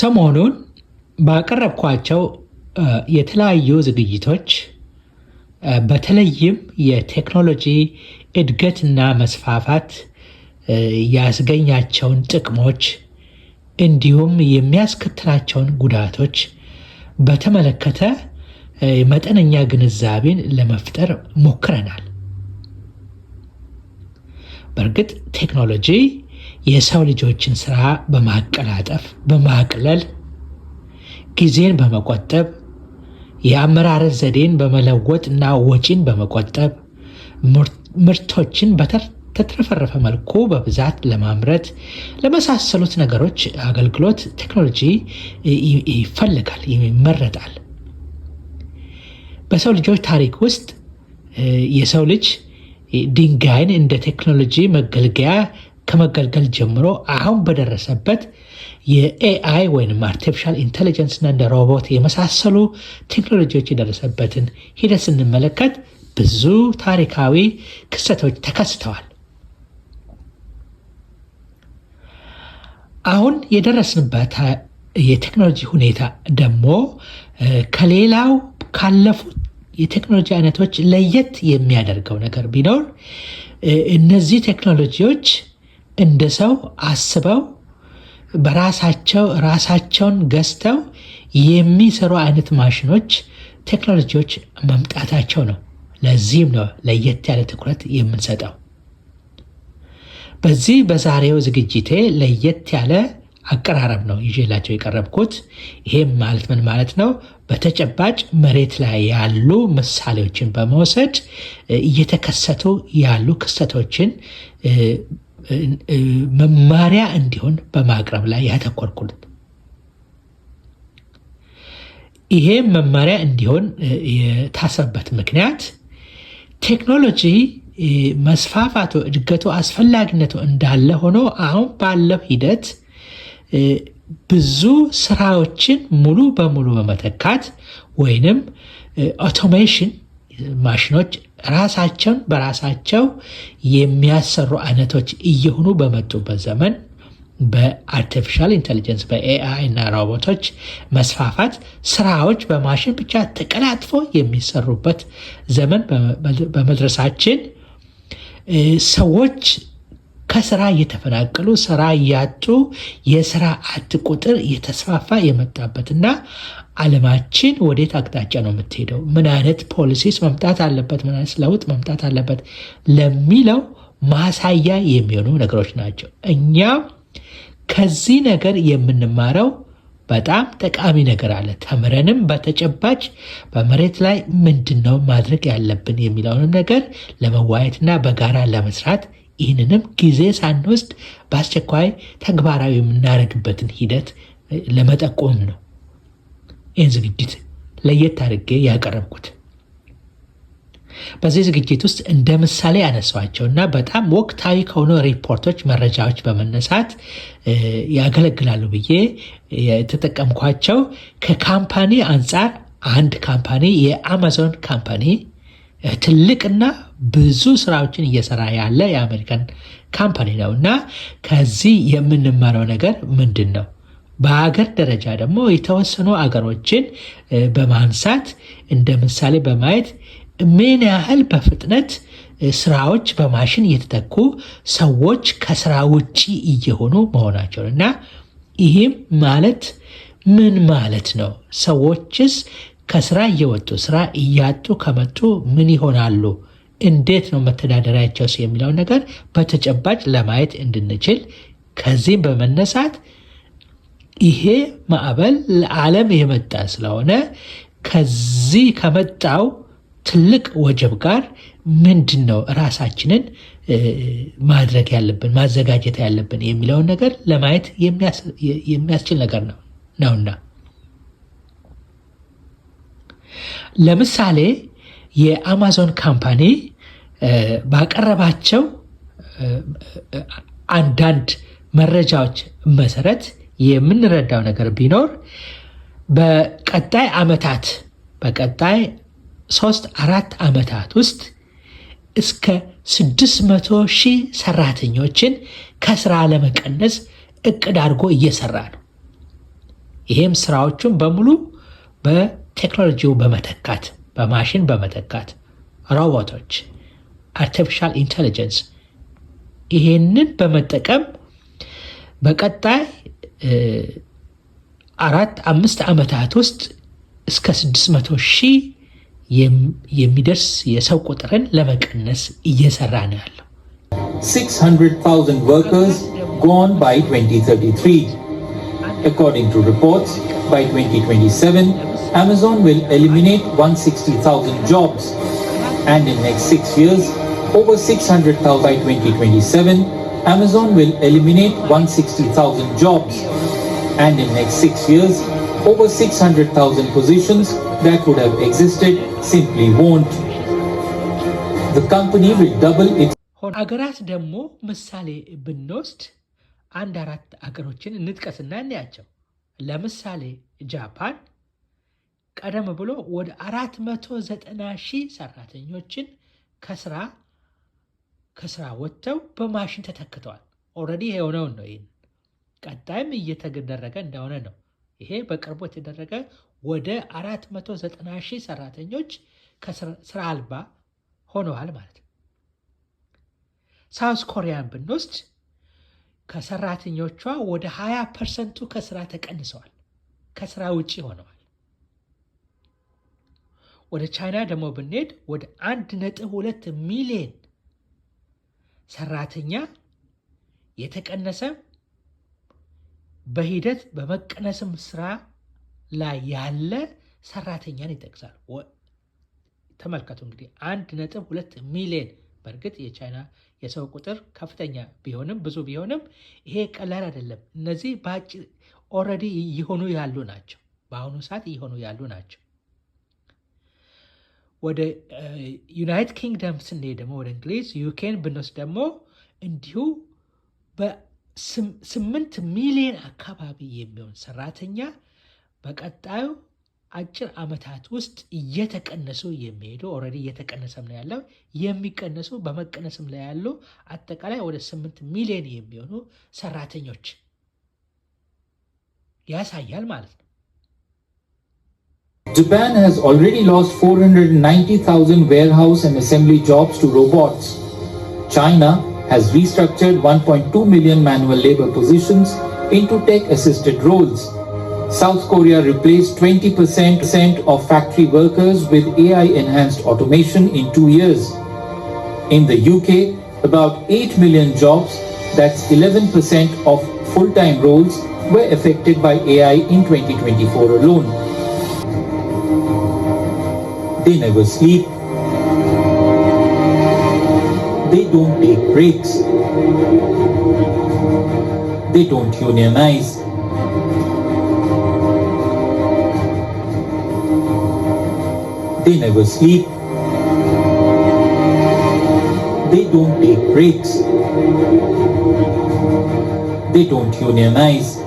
ሰሞኑን ባቀረብኳቸው የተለያዩ ዝግጅቶች በተለይም የቴክኖሎጂ እድገትና መስፋፋት ያስገኛቸውን ጥቅሞች እንዲሁም የሚያስከትላቸውን ጉዳቶች በተመለከተ መጠነኛ ግንዛቤን ለመፍጠር ሞክረናል። በእርግጥ ቴክኖሎጂ የሰው ልጆችን ስራ በማቀላጠፍ በማቅለል ጊዜን በመቆጠብ የአመራረት ዘዴን በመለወጥ እና ወጪን በመቆጠብ ምርቶችን በተትረፈረፈ መልኩ በብዛት ለማምረት ለመሳሰሉት ነገሮች አገልግሎት ቴክኖሎጂ ይፈልጋል፣ ይመረጣል። በሰው ልጆች ታሪክ ውስጥ የሰው ልጅ ድንጋይን እንደ ቴክኖሎጂ መገልገያ ከመገልገል ጀምሮ አሁን በደረሰበት የኤአይ ወይም አርቲፊሻል ኢንቴሊጀንስ እና እንደ ሮቦት የመሳሰሉ ቴክኖሎጂዎች የደረሰበትን ሂደት ስንመለከት ብዙ ታሪካዊ ክስተቶች ተከስተዋል። አሁን የደረስንበት የቴክኖሎጂ ሁኔታ ደግሞ ከሌላው ካለፉት የቴክኖሎጂ አይነቶች ለየት የሚያደርገው ነገር ቢኖር እነዚህ ቴክኖሎጂዎች እንደ ሰው አስበው በራሳቸው ራሳቸውን ገዝተው የሚሰሩ አይነት ማሽኖች፣ ቴክኖሎጂዎች መምጣታቸው ነው። ለዚህም ነው ለየት ያለ ትኩረት የምንሰጠው። በዚህ በዛሬው ዝግጅቴ ለየት ያለ አቀራረብ ነው ይዤላቸው የቀረብኩት። ይሄም ማለት ምን ማለት ነው? በተጨባጭ መሬት ላይ ያሉ ምሳሌዎችን በመውሰድ እየተከሰቱ ያሉ ክስተቶችን መማሪያ እንዲሆን በማቅረብ ላይ ያተኮርኩለት። ይሄ መማሪያ እንዲሆን የታሰበት ምክንያት ቴክኖሎጂ መስፋፋቱ፣ እድገቱ፣ አስፈላጊነቱ እንዳለ ሆኖ አሁን ባለው ሂደት ብዙ ስራዎችን ሙሉ በሙሉ በመተካት ወይንም ኦቶሜሽን ማሽኖች ራሳቸውን በራሳቸው የሚያሰሩ አይነቶች እየሆኑ በመጡበት ዘመን በአርቲፊሻል ኢንቴሊጀንስ በኤአይ እና ሮቦቶች መስፋፋት ስራዎች በማሽን ብቻ ተቀላጥፎ የሚሰሩበት ዘመን በመድረሳችን ሰዎች ከስራ እየተፈናቀሉ ስራ እያጡ የስራ አጥ ቁጥር እየተስፋፋ የመጣበትና አለማችን ወዴት አቅጣጫ ነው የምትሄደው? ምን አይነት ፖሊሲስ መምጣት አለበት? ምን አይነት ለውጥ መምጣት አለበት ለሚለው ማሳያ የሚሆኑ ነገሮች ናቸው። እኛም ከዚህ ነገር የምንማረው በጣም ጠቃሚ ነገር አለ። ተምረንም በተጨባጭ በመሬት ላይ ምንድን ነው ማድረግ ያለብን የሚለውንም ነገር ለመዋየትና በጋራ ለመስራት ይህንንም ጊዜ ሳንወስድ በአስቸኳይ ተግባራዊ የምናደርግበትን ሂደት ለመጠቆም ነው ይህን ዝግጅት ለየት አድርጌ ያቀረብኩት። በዚህ ዝግጅት ውስጥ እንደ ምሳሌ ያነሷቸው እና በጣም ወቅታዊ ከሆኑ ሪፖርቶች፣ መረጃዎች በመነሳት ያገለግላሉ ብዬ የተጠቀምኳቸው ከካምፓኒ አንጻር አንድ ካምፓኒ የአማዞን ካምፓኒ ትልቅና ብዙ ስራዎችን እየሰራ ያለ የአሜሪካን ካምፓኒ ነው እና ከዚህ የምንማረው ነገር ምንድን ነው? በሀገር ደረጃ ደግሞ የተወሰኑ አገሮችን በማንሳት እንደ ምሳሌ በማየት ምን ያህል በፍጥነት ስራዎች በማሽን እየተተኩ ሰዎች ከስራ ውጪ እየሆኑ መሆናቸውን እና ይህም ማለት ምን ማለት ነው? ሰዎችስ ከስራ እየወጡ ስራ እያጡ ከመጡ ምን ይሆናሉ? እንዴት ነው መተዳደሪያቸውስ የሚለው ነገር በተጨባጭ ለማየት እንድንችል ከዚህም በመነሳት ይሄ ማዕበል ለዓለም የመጣ ስለሆነ ከዚህ ከመጣው ትልቅ ወጀብ ጋር ምንድን ነው ራሳችንን ማድረግ ያለብን ማዘጋጀት ያለብን የሚለውን ነገር ለማየት የሚያስችል ነገር ነው ነውና ለምሳሌ የአማዞን ካምፓኒ ባቀረባቸው አንዳንድ መረጃዎች መሰረት የምንረዳው ነገር ቢኖር በቀጣይ ዓመታት በቀጣይ ሶስት አራት ዓመታት ውስጥ እስከ 600 ሺህ ሰራተኞችን ከስራ ለመቀነስ እቅድ አድርጎ እየሰራ ነው። ይህም ስራዎቹን በሙሉ በቴክኖሎጂው በመተካት በማሽን በመተካት ሮቦቶች አርቲፊሻል ኢንቴሊጀንስ ይሄንን በመጠቀም በቀጣይ አራት አምስት ዓመታት ውስጥ እስከ 600 ሺህ የሚደርስ የሰው ቁጥርን ለመቀነስ እየሰራ ነው ያለው። 600,000 workers gone by 2033. According to reports, by 2027, Amazon will eliminate 160,000 jobs and in next six years, over 600,000 by 2027, Amazon will eliminate 160,000 jobs. And in next six years, over 600,000 positions that would have existed simply won't. The company will double its አገራት ደግሞ ምሳሌ ብንወስድ አንድ አራት አገሮችን እንጥቀስና እናያቸው። ለምሳሌ ጃፓን ቀደም ብሎ ወደ 490 ሺህ ሰራተኞችን ከስራ ከስራ ወጥተው በማሽን ተተክተዋል። ኦልሬዲ የሆነውን ነው። ይህን ቀጣይም እየተደረገ እንደሆነ ነው። ይሄ በቅርቡ የተደረገ ወደ 490 ሺህ ሰራተኞች ከስራ አልባ ሆነዋል ማለት ነው። ሳውስ ኮሪያን ብንወስድ ከሰራተኞቿ ወደ 20 ፐርሰንቱ ከስራ ተቀንሰዋል፣ ከስራ ውጪ ሆነዋል። ወደ ቻይና ደግሞ ብንሄድ ወደ አንድ ነጥብ ሁለት ሚሊዮን ሰራተኛ የተቀነሰ በሂደት በመቀነስም ስራ ላይ ያለ ሰራተኛን ይጠቅሳል። ተመልከቱ እንግዲህ አንድ ነጥብ ሁለት ሚሊዮን በእርግጥ የቻይና የሰው ቁጥር ከፍተኛ ቢሆንም ብዙ ቢሆንም ይሄ ቀላል አይደለም። እነዚህ በአጭር ኦልሬዲ እየሆኑ ያሉ ናቸው። በአሁኑ ሰዓት እየሆኑ ያሉ ናቸው። ወደ ዩናይት ኪንግደም ስንሄድ ደግሞ ወደ እንግሊዝ ዩኬን ብንወስድ ደግሞ እንዲሁ በስምንት ሚሊዮን አካባቢ የሚሆን ሰራተኛ በቀጣዩ አጭር ዓመታት ውስጥ እየተቀነሱ የሚሄዱ ኦልሬዲ እየተቀነሰም ነው ያለው የሚቀነሱ በመቀነስም ላይ ያሉ አጠቃላይ ወደ ስምንት ሚሊዮን የሚሆኑ ሰራተኞች ያሳያል ማለት ነው። Japan has already lost 490,000 warehouse and assembly jobs to robots. China has restructured 1.2 million manual labor positions into tech assisted roles. South Korea replaced 20% of factory workers with AI enhanced automation in two years. In the UK, about 8 million jobs, that's 11% of full time roles, were affected by AI in 2024 alone. They never sleep. They don't take breaks. They don't unionize. They never sleep. They don't take breaks. They don't unionize.